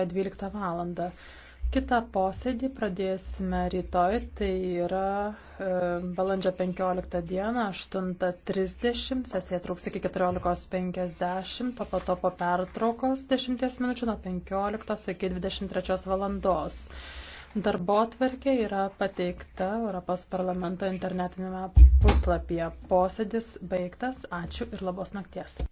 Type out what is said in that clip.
rytoj 12 valandą. Kita posėdį pradėsime rytoj, tai yra e, balandžio 15 dieną, 8.30, sesija truks iki 14.50, po to po pertraukos 10 minučių nuo 15 iki 23 valandos. Darbo tvarkė yra pateikta Europos parlamento internetinėme puslapyje. Posėdis baigtas. Ačiū ir labos nakties.